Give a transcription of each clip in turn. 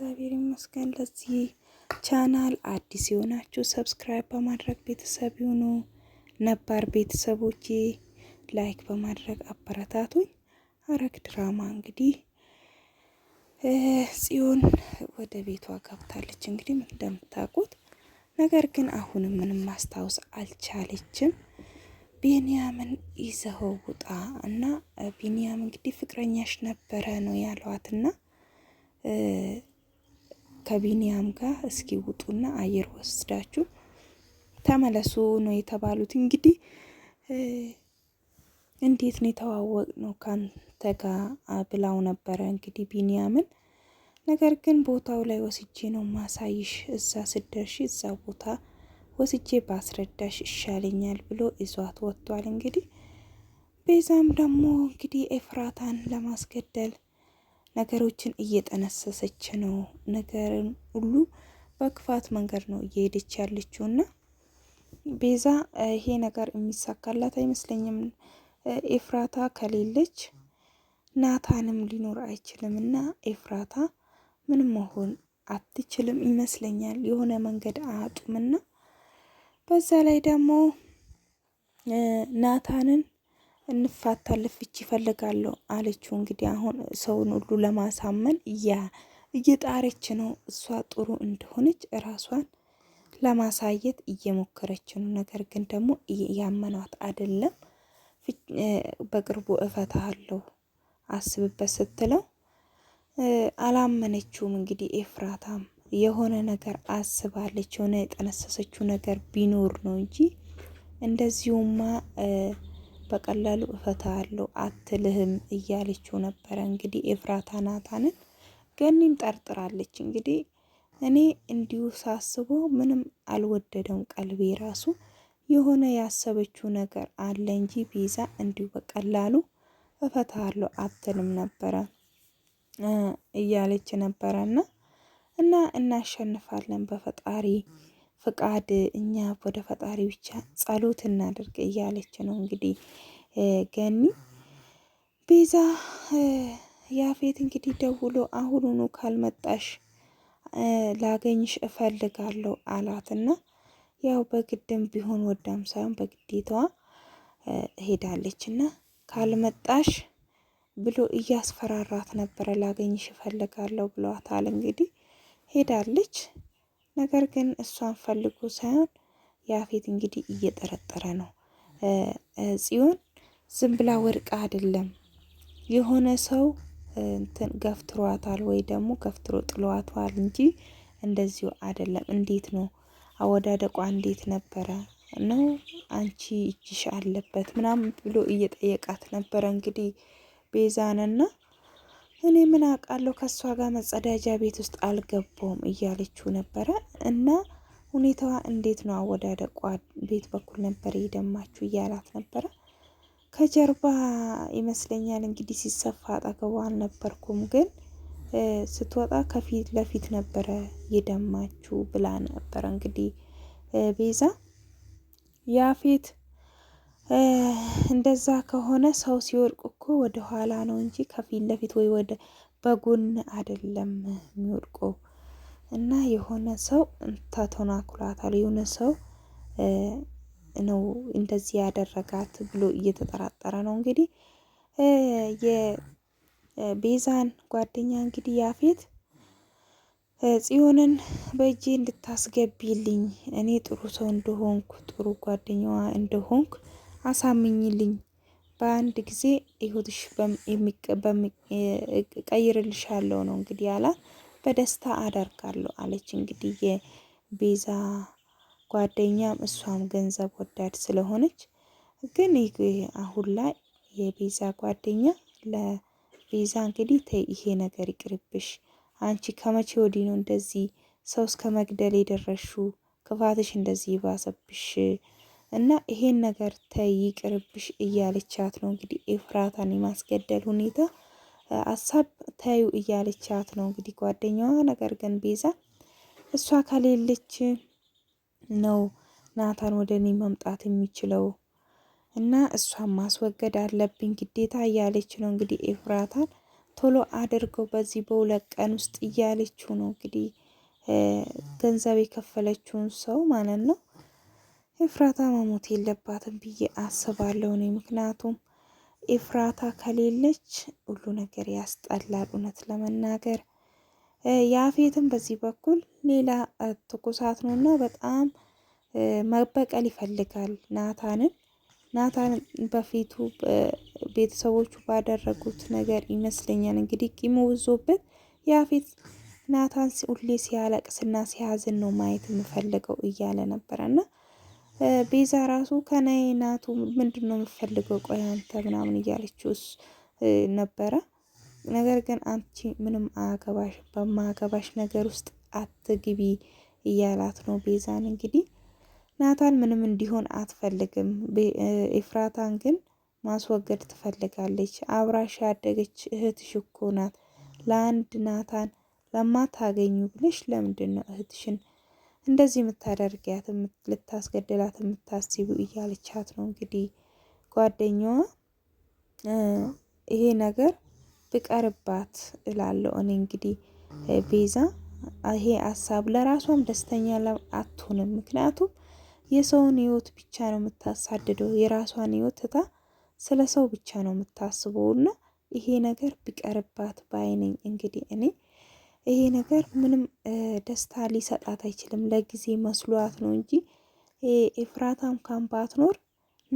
እግዚአብሔር ይመስገን። ለዚህ ቻናል አዲስ የሆናችሁ ሰብስክራይብ በማድረግ ቤተሰብ ይሁኑ። ነባር ቤተሰቦች ላይክ በማድረግ አበረታቱኝ። ሐረግ ድራማ እንግዲህ ጽዮን ወደ ቤቷ ገብታለች። እንግዲህ እንደምታውቁት ነገር ግን አሁንም ምንም ማስታወስ አልቻለችም። ቢንያምን ይዘኸው ውጣ እና ቢንያም እንግዲህ ፍቅረኛሽ ነበረ ነው ያሏትና ከቢንያም ጋር እስኪ ውጡና አየር ወስዳችሁ ተመለሱ ነው የተባሉት። እንግዲህ እንዴት ነው የተዋወቅ ነው ካንተ ጋር ብላው ነበረ እንግዲህ ቢንያምን። ነገር ግን ቦታው ላይ ወስጄ ነው ማሳይሽ፣ እዛ ስደርሽ እዛ ቦታ ወስጄ ባስረዳሽ ይሻለኛል ብሎ ይዟት ወጥቷል። እንግዲህ ቤዛም ደግሞ እንግዲህ ኤፍራታን ለማስገደል ነገሮችን እየጠነሰሰች ነው። ነገርን ሁሉ በክፋት መንገድ ነው እየሄደች ያለችው እና ቤዛ ይሄ ነገር የሚሳካላት አይመስለኝም። ኤፍራታ ከሌለች ናታንም ሊኖር አይችልም እና ኤፍራታ ምንም መሆን አትችልም ይመስለኛል። የሆነ መንገድ እና በዛ ላይ ደግሞ ናታንን እንፋታ ልፍች ይፈልጋለሁ አለችው። እንግዲህ አሁን ሰውን ሁሉ ለማሳመን እያ እየጣረች ነው። እሷ ጥሩ እንደሆነች ራሷን ለማሳየት እየሞከረች ነው። ነገር ግን ደግሞ ያመኗት አይደለም። በቅርቡ እፈታለሁ አስብበት ስትለው አላመነችውም። እንግዲህ ኤፍራታም የሆነ ነገር አስባለች። የሆነ የጠነሰሰችው ነገር ቢኖር ነው እንጂ እንደዚሁማ በቀላሉ አለው አትልህም እያለችው ነበረ። እንግዲህ ኤፍራታ ናታንን ገኒም ጠርጥራለች። እንግዲህ እኔ እንዲሁ ሳስቦ ምንም አልወደደም ቀልቤ ራሱ የሆነ ያሰበችው ነገር አለ እንጂ ቤዛ እንዲሁ በቀላሉ አለው አትልም ነበረ እያለች እና እና እናሸንፋለን በፈጣሪ ፍቃድ እኛ ወደ ፈጣሪ ብቻ ጸሎት እናደርግ እያለች ነው እንግዲህ ገኒ ቤዛ ያፌት እንግዲህ ደውሎ አሁኑኑ ካልመጣሽ ላገኝሽ እፈልጋለሁ አላትና ያው በግድም ቢሆን ወዳም ሳይሆን በግዴታዋ ሄዳለች እና ካልመጣሽ ብሎ እያስፈራራት ነበረ። ላገኝሽ እፈልጋለሁ ብሏታል። እንግዲህ ሄዳለች። ነገር ግን እሷን ፈልጎ ሳይሆን ያፌት እንግዲህ እየጠረጠረ ነው። ጽዮን ዝም ብላ ወድቃ አይደለም የሆነ ሰው እንትን ገፍትሯታል ወይ ደግሞ ገፍትሮ ጥሏታል እንጂ እንደዚሁ አይደለም። እንዴት ነው አወዳደቋ? እንዴት ነበረ ነው አንቺ እጅሽ አለበት ምናምን ብሎ እየጠየቃት ነበረ እንግዲህ ቤዛንና እኔ ምን አውቃለሁ ከእሷ ጋር መጸዳጃ ቤት ውስጥ አልገባውም እያለችው ነበረ እና ሁኔታዋ እንዴት ነው አወዳደቋ ቤት በኩል ነበር የደማችሁ እያላት ነበረ። ከጀርባ ይመስለኛል እንግዲህ ሲሰፋ አጠገቧ አልነበርኩም፣ ግን ስትወጣ ከፊት ለፊት ነበረ የደማችሁ ብላ ነበረ እንግዲህ ቤዛ ያፌት እንደዛ ከሆነ ሰው ሲወድቅ እኮ ወደ ኋላ ነው እንጂ ከፊት ለፊት ወይ ወደ በጎን አይደለም የሚወድቀው። እና የሆነ ሰው ተተናኩላታል የሆነ ሰው ነው እንደዚህ ያደረጋት ብሎ እየተጠራጠረ ነው እንግዲህ የቤዛን ጓደኛ እንግዲህ ያፌት ጽዮንን በእጄ እንድታስገቢልኝ እኔ ጥሩ ሰው እንደሆንኩ ጥሩ ጓደኛዋ እንደሆንኩ አሳምኝልኝ በአንድ ጊዜ ይሁትሽ ቀይርልሻለሁ ነው እንግዲህ አላት። በደስታ አደርጋለሁ አለች። እንግዲህ የቤዛ ጓደኛም እሷም ገንዘብ ወዳድ ስለሆነች ግን አሁን ላይ የቤዛ ጓደኛ ለቤዛ እንግዲህ ተይ ይሄ ነገር ይቅርብሽ፣ አንቺ ከመቼ ወዲህ ነው እንደዚህ ሰው እስከ መግደል የደረሹ ክፋትሽ እንደዚህ ይባሰብሽ እና ይሄን ነገር ተይ ይቅርብሽ እያለቻት ነው እንግዲህ ኤፍራታን የማስገደል ሁኔታ አሳብ ተዩ እያለቻት ነው እንግዲህ ጓደኛዋ። ነገር ግን ቤዛ እሷ ከሌለች ነው ናታን ወደ እኔ መምጣት የሚችለው እና እሷን ማስወገድ አለብኝ ግዴታ እያለች ነው እንግዲህ ኤፍራታን ቶሎ አድርገው በዚህ በሁለት ቀን ውስጥ እያለችው ነው እንግዲህ ገንዘብ የከፈለችውን ሰው ማለት ነው ኤፍራታ መሞት የለባትም ብዬ አስባለሁ እኔ። ምክንያቱም ኤፍራታ ከሌለች ሁሉ ነገር ያስጠላል፣ እውነት ለመናገር የአፌትም በዚህ በኩል ሌላ ትኩሳት ነው እና በጣም መበቀል ይፈልጋል ናታንን ናታን በፊቱ ቤተሰቦቹ ባደረጉት ነገር ይመስለኛል እንግዲህ ቂሙ ብዞበት የአፌት ናታን ሁሌ ሲያለቅስና ሲያዝን ነው ማየት የምፈልገው እያለ ነበረና ቤዛ ራሱ ከናይ ናቱ ምንድን ነው የምፈልገው ቆይ አንተ ምናምን እያለችው ነበረ። ነገር ግን አንቺ ምንም አገባሽ በማገባሽ ነገር ውስጥ አትግቢ እያላት ነው ቤዛን። እንግዲህ ናታን ምንም እንዲሆን አትፈልግም። ኤፍራታን ግን ማስወገድ ትፈልጋለች። አብራሽ ያደገች እህትሽ እኮ ናት። ለአንድ ናታን ለማታገኙ ብለሽ ለምንድን ነው እህትሽን እንደዚህ የምታደርጊያት ልታስገድላት የምታስቡ እያለቻት ነው እንግዲህ ጓደኛዋ። ይሄ ነገር ብቀርባት እላለሁ እኔ እንግዲህ ቤዛ ይሄ ሀሳብ ለራሷም ደስተኛ አትሆንም። ምክንያቱም የሰውን ህይወት ብቻ ነው የምታሳድደው የራሷን ህይወት ትታ ስለ ሰው ብቻ ነው የምታስበው እና ይሄ ነገር ቢቀርባት ባይነኝ እንግዲህ እኔ ይሄ ነገር ምንም ደስታ ሊሰጣት አይችልም። ለጊዜ መስሏት ነው እንጂ ኤፍራታም ካምባት ኖር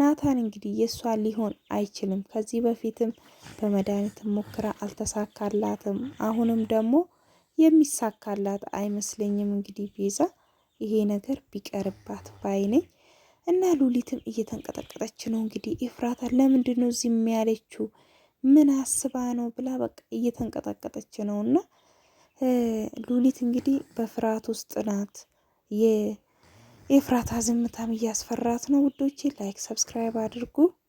ናታን እንግዲህ የእሷ ሊሆን አይችልም። ከዚህ በፊትም በመድኃኒት ሞክራ አልተሳካላትም። አሁንም ደግሞ የሚሳካላት አይመስለኝም። እንግዲህ ቤዛ ይሄ ነገር ቢቀርባት ባይነኝ እና ሉሊትም እየተንቀጠቀጠች ነው። እንግዲህ ኤፍራታ ለምንድን ነው ዝም ያለችው? ምን አስባ ነው ብላ በቃ እየተንቀጠቀጠች ነው እና ሉሊት እንግዲህ በፍርሃት ውስጥ ናት። የኤፍራታ ዝምታም እያስፈራት ነው። ውዶቼ ላይክ፣ ሰብስክራይብ አድርጉ።